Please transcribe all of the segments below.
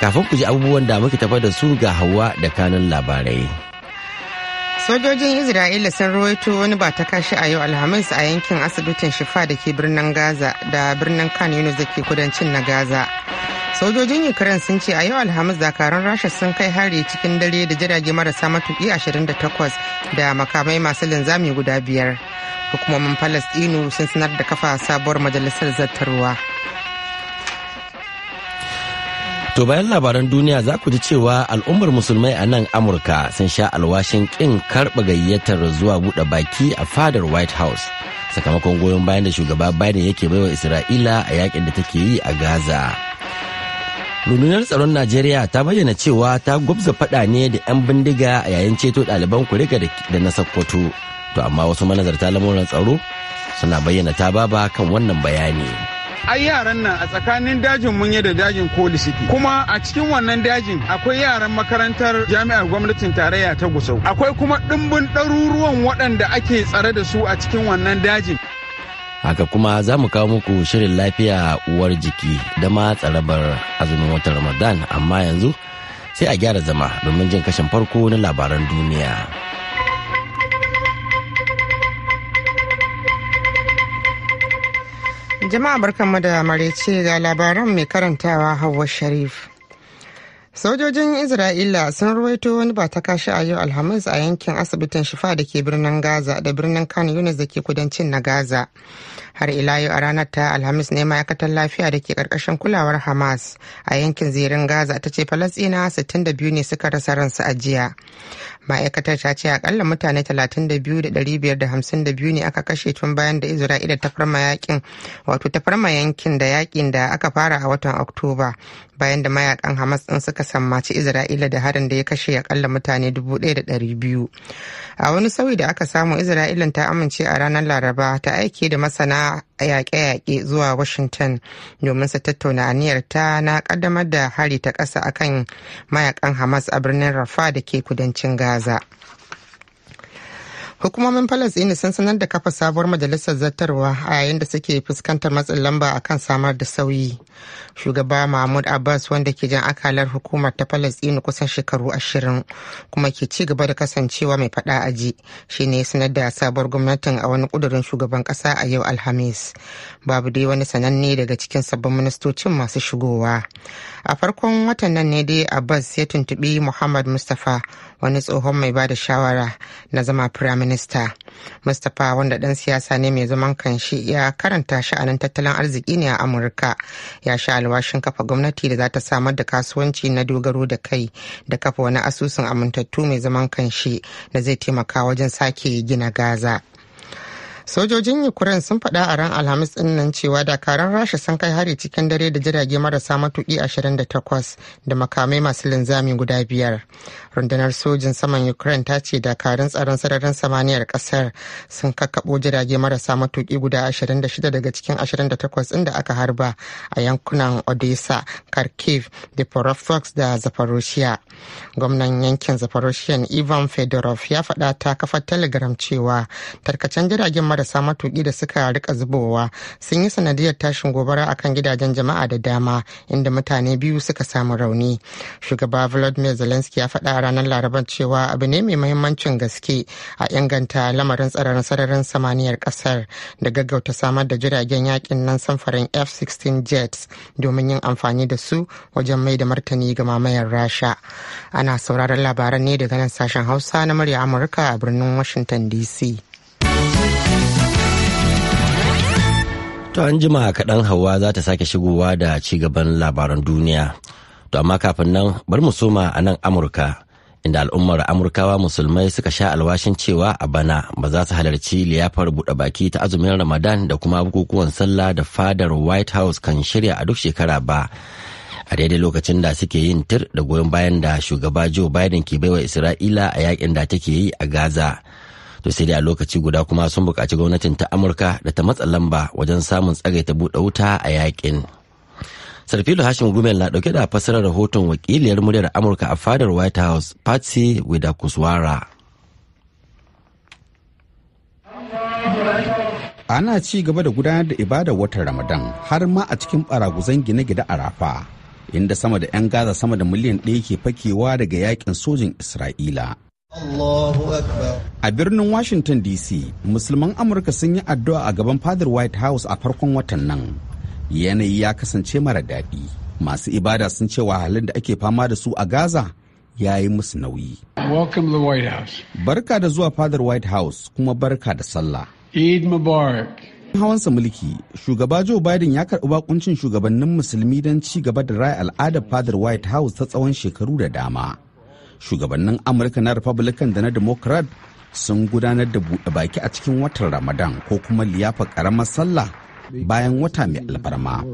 kafin ku ji abubuwan da muke tafa da su ga hawa da kanan labarai sojojin isra'ila sun rawaito wani ba ta kashi a yau alhamis a yankin asibitin shifa da ke birnin gaza da birnin kan yunus da ke kudancin na gaza sojojin ukraine sun ce a yau alhamis zakarun rasha sun kai hari cikin dare da jirage marasa matuki 28 da makamai masu linzami guda biyar hukumomin falastinu sun sanar da kafa sabuwar majalisar zartarwa. To bayan labaran duniya za ku ji cewa al'ummar musulmai a nan Amurka sun sha alwashin ƙin karɓa gayyatar zuwa buɗe baki a fadar White House sakamakon goyon bayan da shugaba Biden yake baiwa Isra'ila a yakin da take yi a Gaza. Rundunar tsaron Najeriya ta bayyana cewa ta gwabza faɗa ne da 'yan bindiga a yayin ceto ɗaliban kurika da na Sokoto. To amma wasu manazarta lamuran tsaro suna bayyana ta baba kan wannan bayani. ai yaran nan a tsakanin dajin munye da dajin koli suke kuma a cikin wannan dajin akwai yaran makarantar jami'ar gwamnatin tarayya ta gusau akwai kuma ɗimbin ɗaruruwan waɗanda ake tsare da su a cikin wannan dajin haka kuma za mu kawo muku shirin lafiya uwar jiki da ma tsarabar azumin watan ramadan amma yanzu sai a gyara zama domin jin kashin farko na labaran duniya. Jama'a barkanmu da marece ga labaran mai karantawa Hauwa Sharif. Sojojin Isra'ila sun ruwaito wani ba ta kashi a yau Alhamis a yankin asibitin Shifa da ke birnin Gaza da birnin kano Yunis da ke kudancin na Gaza. Har ila yau a ranar ta Alhamis ne ma'aikatar lafiya da ke karkashin kulawar Hamas a yankin zirin Gaza ta ce Falasɗina 62 ne suka rasa ransu a jiya. ma'aikatar ta ce akalla mutane 32,552 ne aka kashe tun bayan da isra'ila ta farma ta farma yankin da yakin da aka fara a watan oktoba bayan da mayakan hamas ɗin suka sammaci isra'ila da harin da ya kashe akalla mutane dubu da biyu a wani sauyi da aka samu isra'ila ta amince a ranar laraba ta aiki da masana yaƙe-yaƙe zuwa washington domin su tattauna aniyar ta na ƙaddamar da hari ta ƙasa akan mayakan hamas a birnin rafa da ke kudancin gaza hukumomin falasɗini sun sanar da kafa sabuwar majalisar zartarwa a yayin da suke fuskantar matsin lamba akan samar da sauyi shugaba mahmud abbas wanda ke jan akalar hukumar ta falastinu kusan shekaru ashirin kuma ke ci gaba da kasancewa mai fada aji shine sanar da sabuwar gwamnatin a wani kudurin shugaban kasa a yau alhamis babu dai wani sananne daga cikin sabbin ministocin masu shigowa a farkon watan nan ne dai abbas ya tuntubi muhammad mustapha wani tsohon mai bada shawara na zama firaminista mustapha wanda dan siyasa ne mai zaman kanshi ya karanta sha'anin tattalin arziki ne a amurka ya sha alwashin kafa gwamnati da za ta samar da kasuwanci na dogaro da kai da kafa wani asusun amintattu mai zaman kanshi da zai taimaka wajen sake gina gaza sojojin ukraine sun faɗa a ran alhamis ɗinnan cewa dakaran rasha sun kai hari cikin dare da jirage marasa matuki 28 da makamai masu linzami guda biyar rundunar sojin saman ukraine ta ce dakarun tsaron sararin samaniyar ƙasar sun kakkaɓo jirage marasa matuƙi guda 26 daga cikin 28 ɗin da aka harba a yankunan odessa kharkiv da da zaporoshiya gwamnan yankin zaporoshiyan ivan fedorov ya faɗa ta kafa telegram cewa tarkacen jiragen marasa matuƙi da suka rika zubowa sun yi sanadiyar tashin gobara a kan gidajen jama'a da dama inda mutane biyu suka samu rauni shugaba vladimir zelensky ya faɗa a ranar Laraba cewa abu ne mai mahimmancin gaske a inganta lamarin tsaron sararin samaniyar ƙasar da gaggauta samar da jiragen yakin nan samfarin f-16 jets domin yin amfani da su wajen mai da martani ga mamayar rasha ana sauraron labaran ne daga nan sashen hausa na murya amurka a birnin washington dc To an jima kaɗan hawa za ta sake shigowa da ci gaban labaran duniya. To amma kafin nan bar mu soma a nan Amurka inda al'ummar Amurkawa musulmai suka sha alwashin cewa a bana ba za su halarci liyafar buɗe baki ta azumin Ramadan da kuma bukukuwan sallah da fadar White House kan shirya a duk shekara ba. A daidai lokacin da suke yin tir da goyon bayan da shugaba Joe Biden ke baiwa Isra'ila a yakin da take yi a Gaza. to sai dai a lokaci guda kuma sun buƙaci gwamnatin ta amurka da ta matsa lamba wajen samun tsagaita buɗe wuta a yakin sarfilo hashim gumel na ɗauke da fassarar rahoton wakiliyar muryar amurka a fadar white house patsy widakuswara ana ci gaba da gudanar da ibadar watan ramadan har ma a cikin baraguzan gine-gine a rafa inda sama da 'yan gaza sama da miliyan ɗaya ke fakewa daga yakin sojin isra'ila A birnin Washington DC, musulman Amurka sun yi addu'a a gaban fadar White House a farkon watan nan. Yanayi ya kasance mara daɗi. Masu ibada sun ce wahalun da ake fama da su a Gaza ya yi musu nauyi. Barka da zuwa fadar White House kuma barka da sallah. Eid Mubarak. hawansa mulki shugaba joe biden ya karɓi bakuncin shugabannin musulmi don ci gaba da raya al'adar fadar white house ta tsawon shekaru da dama shugabannin amurka na republican da na democrat sun gudanar da buɗe baki a cikin watan ramadan ko kuma liyafa ƙaramar sallah bayan wata mai alfarma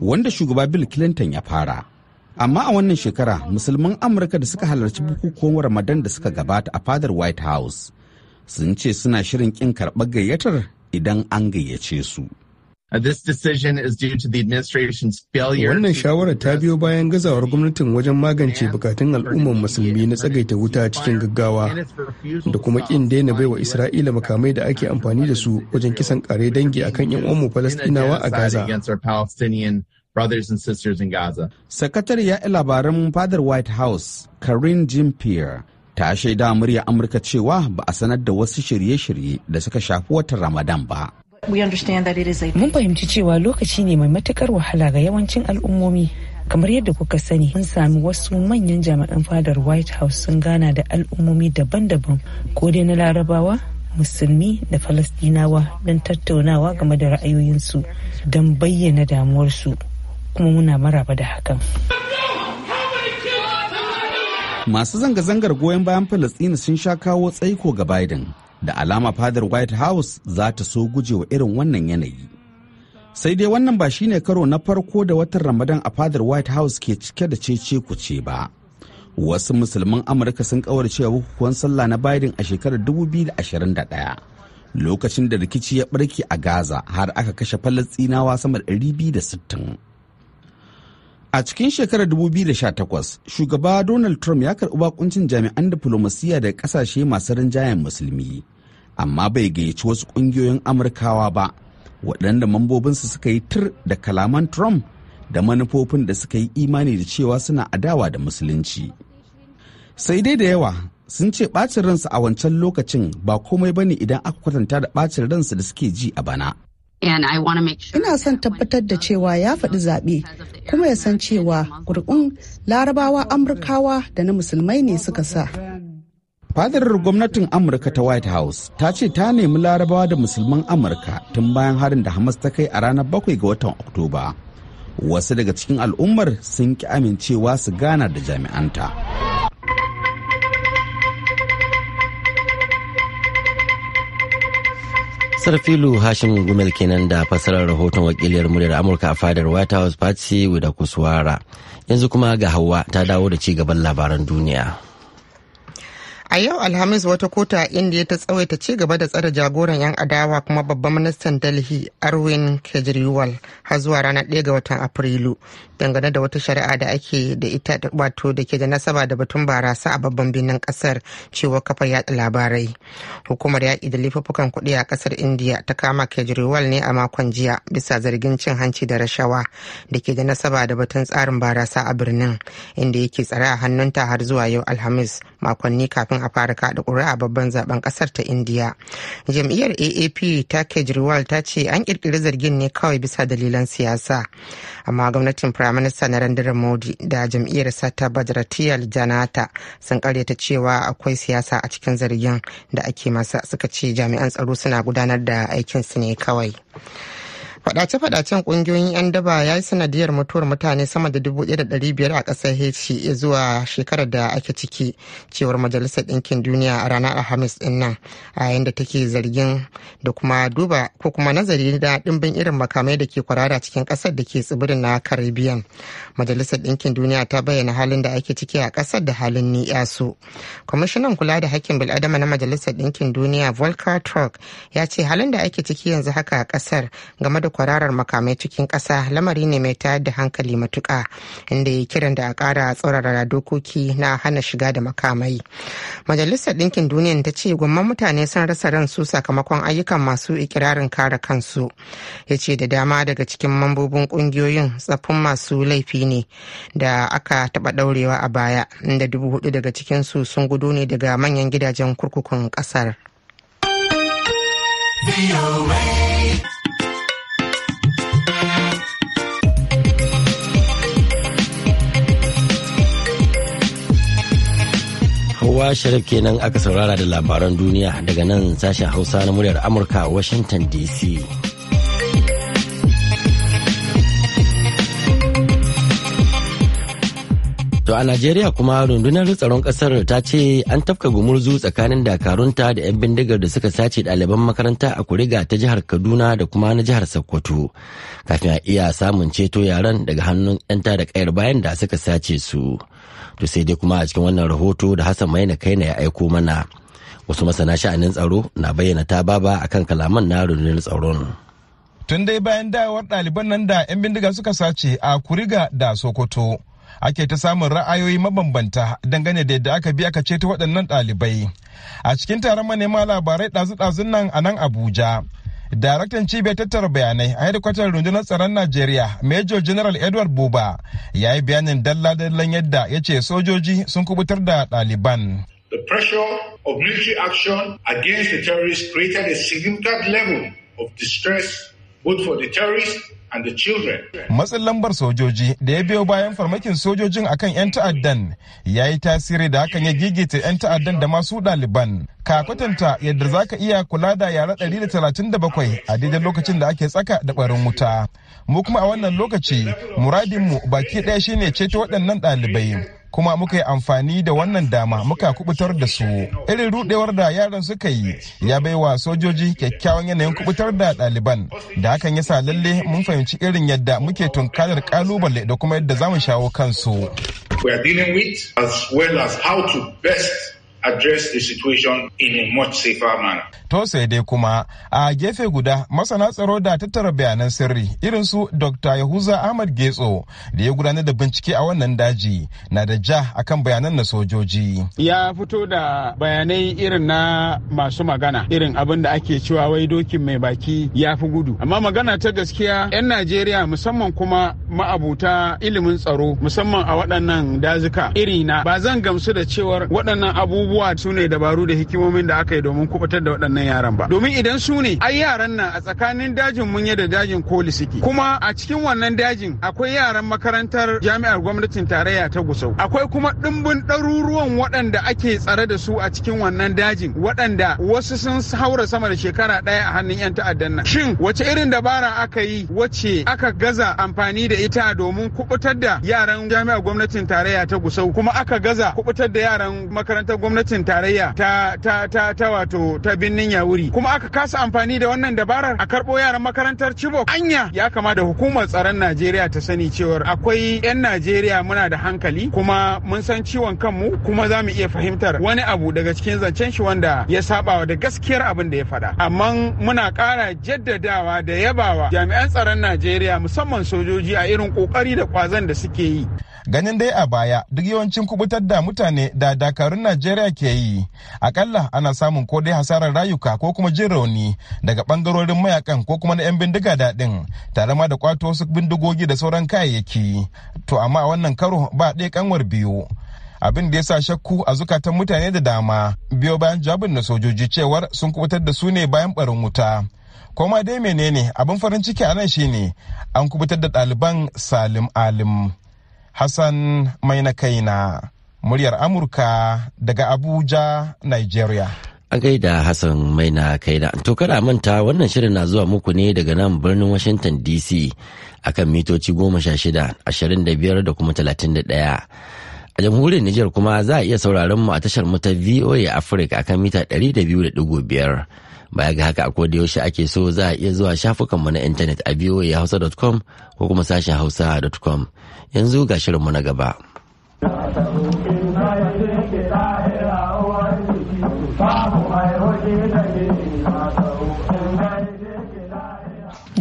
wanda shugaba bill clinton ya fara amma a wannan shekara musulman amurka da suka halarci bukukuwan ramadan da suka gabata a fadar white house sun ce suna shirin ƙin karɓar gayyatar idan an gayyace su Uh, this decision is due to the administration's failure. Wannan shawara ta biyo bayan gazawar gwamnatin wajen magance bukatun al'ummar musulmi na tsagaita wuta cikin gaggawa da kuma kin daina baiwa Isra'ila makamai da ake amfani da su wajen kisan kare dangi akan 'yan uwanmu Falastinawa a Gaza. brothers ya sisters labaran fadar White House, Karine Jean-Pierre, ta shaida murya Amurka cewa ba a sanar da wasu shirye-shirye da suka shafi watan Ramadan ba. Mun fahimci cewa lokaci ne mai matukar wahala ga yawancin al'ummomi kamar yadda kuka sani mun sami wasu manyan jami'an fadar white house sun gana da al'ummomi daban-daban ko dai na larabawa musulmi da falastinawa don tattaunawa game da ra'ayoyinsu don bayyana damuwarsu kuma muna maraba da hakan masu zanga-zangar goyon bayan falastina sun sha kawo tsaiko ga biden da alama fadar white house za ta so gujewa irin wannan yanayi sai dai wannan ba shine karo na farko da watan ramadan a fadar white house ke cike da cece ce ba wasu musulman amurka sun kawarce bukukuwan sallah na biden a shekarar 2021 lokacin da rikici ya barke a gaza har aka kashe falastinawa sama da 260 a cikin shekarar 2018 shugaba donald trump ya karɓi bakuncin jami'an diflomasiyya daga ƙasashe masu rinjayen musulmi amma bai gayyaci wasu ƙungiyoyin amurkawa ba waɗanda mambobinsu suka yi tur da kalaman trump da manufofin da suka yi imani da cewa suna adawa da musulunci sai dai da yawa sun ce ɓacin ransu a wancan lokacin ba komai ba ne idan aka kwatanta da ɓacin ransu da suke ji a bana ina son tabbatar da cewa ya faɗi zaɓe kuma ya san cewa gurgun larabawa amurkawa da na musulmai ne suka sa fadar gwamnatin amurka ta white house ta ce ta nemi larabawa da musulman amurka tun bayan harin da hamas ta kai a ranar bakwai ga watan oktoba wasu daga cikin al'ummar sun ki amincewa su gana da jami'anta sarfilu hashim gumel kenan da fasarar rahoton wakiliyar muryar amurka a fadar white house patsy da kuswara yanzu kuma ga hawa ta dawo da ci gaban labaran duniya A yau Alhamis wata kota a Indiya ta tsawaita ci gaba da tsara jagoran 'yan adawa kuma babban ministan Delhi Arwin Kejriwal har zuwa ranar 1 ga watan Afrilu dangane da wata shari'a da ake da ita wato da ke da nasaba da batun barasa a babban birnin kasar cewa kafa yaɗa labarai. Hukumar yaƙi da laifukan kuɗi a kasar Indiya ta kama Kejriwal ne a makon jiya bisa zargin cin hanci da rashawa da ke da nasaba da batun tsarin barasa a birnin inda yake tsare a hannunta har zuwa yau Alhamis makonni kafin a fara kada ƙuri'a babban zaben ƙasar ta indiya jam'iyyar aap ta kejriwal ta ce an ƙirƙiri zargin ne kawai bisa dalilan siyasa amma gwamnatin firaminista narendra modi da jam'iyyar sata bajratiyar janata sun karyata cewa akwai siyasa a cikin zargin da ake masa suka ce jami'an tsaro suna gudanar da aikinsu ne kawai Faɗace-faɗacen ƙungiyoyin 'yan daba ya yi sanadiyar mutuwar mutane sama da 1,500 a kasar Haiti zuwa shekarar da ake ciki cewar Majalisar Ɗinkin Duniya a ranar Alhamis din nan a yayin da take zargin da kuma duba ko kuma nazari da ɗimbin irin makamai da ke kwarara cikin ƙasar da ke tsibirin na Caribbean. Majalisar Ɗinkin Duniya ta bayyana halin da ake ciki a ƙasar da halin ni'ya su. Kwamishinan kula da hakkin bil'adama na Majalisar Ɗinkin Duniya Volker truck ya ce halin da ake ciki yanzu haka a ƙasar game da kwararar makamai cikin ƙasa lamari ne mai tayar da hankali matuƙa inda ya kiran da a ƙara tsorara dokoki na hana shiga da makamai majalisar ɗinkin duniya ta ce gwamman mutane sun rasa ransu sakamakon ayyukan masu ikirarin kare kansu ya ce da dama daga cikin mambobin ƙungiyoyin tsaffin masu laifi ne da aka taɓa ɗaurewa a baya inda dubu hudu daga su sun gudu ne daga manyan gidajen kurkukun ƙasar. Kowa Sharif kenan aka saurara da labaran duniya daga nan sashen Hausa na muryar Amurka Washington DC. To a Najeriya kuma rundunar tsaron kasar ta ce an tafka gumurzu tsakanin dakarunta da 'yan bindigar da suka sace ɗaliban makaranta a kuriga ta jihar Kaduna da kuma na jihar Sokoto kafin a iya samun ceto yaran daga hannun 'yanta da kayar bayan da suka sace su. to sai dai kuma a cikin wannan rahoto da hassan maina kaina ya aiko mana wasu masana sha'anin tsaro na bayyana ta baba akan kalaman na rundunar tsaron tun dai bayan dawowar ɗaliban nan da 'yan bindiga suka sace a kuriga da sokoto ake ta samun ra'ayoyi mabambanta dangane da yadda aka bi aka ceto waɗannan ɗalibai a cikin taron manema labarai ɗazu-ɗazun nan a nan abuja Daraktan cibiyar tattara bayanai a hedikwatar rundunar tsaron Najeriya, Major General Edward Buba, ya yi bayanin dalla-dallan yadda ya ce sojoji sun kubutar da ɗaliban. The pressure of military action against the terrorists created a significant level of distress both for the terrorists and the children. Matsin lambar sojoji da ya biyo bayan farmakin sojojin akan 'yan ta'addan ya yi tasiri da hakan ya gigita 'yan ta'addan da masu ɗaliban. Ka kwatanta yadda za ka iya kula da yara 137 a daidai lokacin da ake tsaka da ɓarin wuta. Mu kuma a wannan lokaci muradinmu baki ɗaya shine ceto waɗannan ɗalibai. kuma muka yi amfani da wannan dama muka kubutar da su irin rudewar da yaran suka yi ya baiwa sojoji kyakkyawan yanayin kubutar da ɗaliban da hakan ya sa lalle mun fahimci irin yadda muke tunkarar kalubale da kuma yadda zamu shawo kansu. We are dealing with as well as how to best address the situation in a much safer manner. To sai dai kuma a gefe guda masana tsaro da tattara bayanan sirri irin su Dr. Yahuza Ahmad Getso da ya gudanar da bincike a wannan daji na da ja akan bayanan na sojoji. Ya fito da bayanai irin na masu magana irin abin da ake cewa wai dokin mai baki ya fi gudu. Amma magana ta gaskiya 'yan Najeriya musamman kuma ma'abuta ilimin tsaro musamman a waɗannan dazuka iri na ba zan gamsu da cewar waɗannan abubuwa abubuwa su ne dabaru da hikimomin da aka yi domin kubutar da waɗannan yaran ba domin idan su ne ai yaran nan a tsakanin dajin munya da dajin koli suke kuma a cikin wannan dajin akwai yaran makarantar jami'ar gwamnatin tarayya ta gusau akwai kuma ɗimbin ɗaruruwan waɗanda ake tsare da su a cikin wannan dajin waɗanda wasu sun haura sama da shekara ɗaya a hannun 'yan ta'addan nan shin wace irin dabara aka yi wace aka gaza amfani da ita domin kubutar da yaran jami'ar gwamnatin tarayya ta gusau kuma aka gaza kubutar da yaran makarantar gwamnati gwamnatin tarayya ta ta ta ta wato ta binnin yawuri kuma aka kasa amfani da wannan dabarar a karɓo yaran makarantar Chibok anya ya kama da hukumar tsaron Najeriya ta sani cewar akwai 'yan Najeriya muna da hankali kuma mun san ciwon kanmu kuma za mu iya fahimtar wani abu daga cikin zancen shi wanda ya sabawa da gaskiyar abin da ya faɗa amma muna ƙara jaddadawa da yabawa jami'an tsaron Najeriya musamman sojoji a irin ƙoƙari da ƙwazon da suke yi. ganin dai a baya duk yawancin kubutar da mutane da dakarun najeriya ke yi akalla ana samun ko dai hasarar rayuka ko kuma jin rauni daga bangarorin mayakan ko kuma na 'yan bindiga daɗin tare ma da kwato wasu bindigogi da sauran kayayyaki to amma a wannan karo ba ɗaya kanwar biyu abin da ya sa shakku a zukatan mutane da dama biyo bayan jabin na sojoji cewar sun kubutar da su ne bayan barin wuta koma dai menene abin farin ciki a nan shine an kubutar da ɗaliban salim alim Hassan mai na muryar Amurka daga Abuja, Nigeria. A gaida Hassan mai na kaina. To kada manta wannan shirin na zuwa muku ne daga nan birnin Washington DC akan mitoci goma sha shida, ashirin da biyar da kuma talatin da ɗaya. A jamhuriyar Nijar kuma za a iya sauraron mu a tashar mu ta VOA Africa akan mita ɗari da biyu da ɗigo biyar. baya ga haka a da yaushe ake so za a iya zuwa shafukanmu na intanet a voahausa.com ko kuma sashen hausa.com yanzu ga shirinmu na gaba.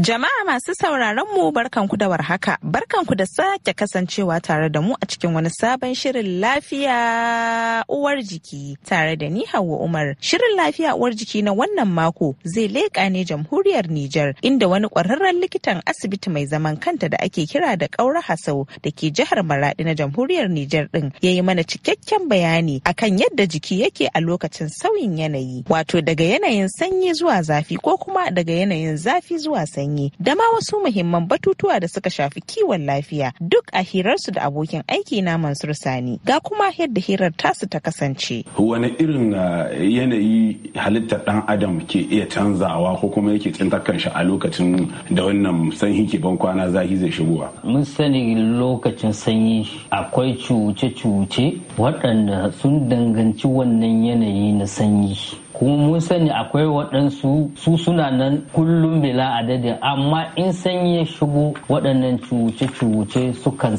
Jama'a masu sauraron mu barkanku da warhaka, barkanku da sake kasancewa tare da mu a cikin wani sabon shirin lafiya uwar jiki tare da ni Hauwa Umar. Shirin lafiya uwar jiki na wannan mako zai leƙa ne jamhuriyar Nijar inda wani ƙwararren likitan asibiti mai zaman kanta da ake kira da ƙaura Hasau da ke jihar Maradi na jamhuriyar Nijar ɗin ya yi mana cikakken bayani akan yadda jiki yake a lokacin sauyin yanayi wato daga yanayin sanyi zuwa zafi ko kuma daga yanayin zafi zuwa sanyi. yi da ma wasu muhimman batutuwa da suka shafi kiwon lafiya duk a hirarsu da abokin aiki na Mansur Sani. Ga kuma yadda hirar tasu ta kasance. Wani irin ah, yanayi halittar dan adam ke iya canzawa ko kuma yake tsintar shi a lokacin da wannan sanyi ke ban kwana zahi zai shigo. Mun sani lokacin sanyi akwai cuce-cuce waɗanda sun danganci wannan yanayi na sanyi kuma mun sani akwai waɗansu su suna nan kullum bila adadin amma in sanyi shigo waɗannan cuce-cuce sukan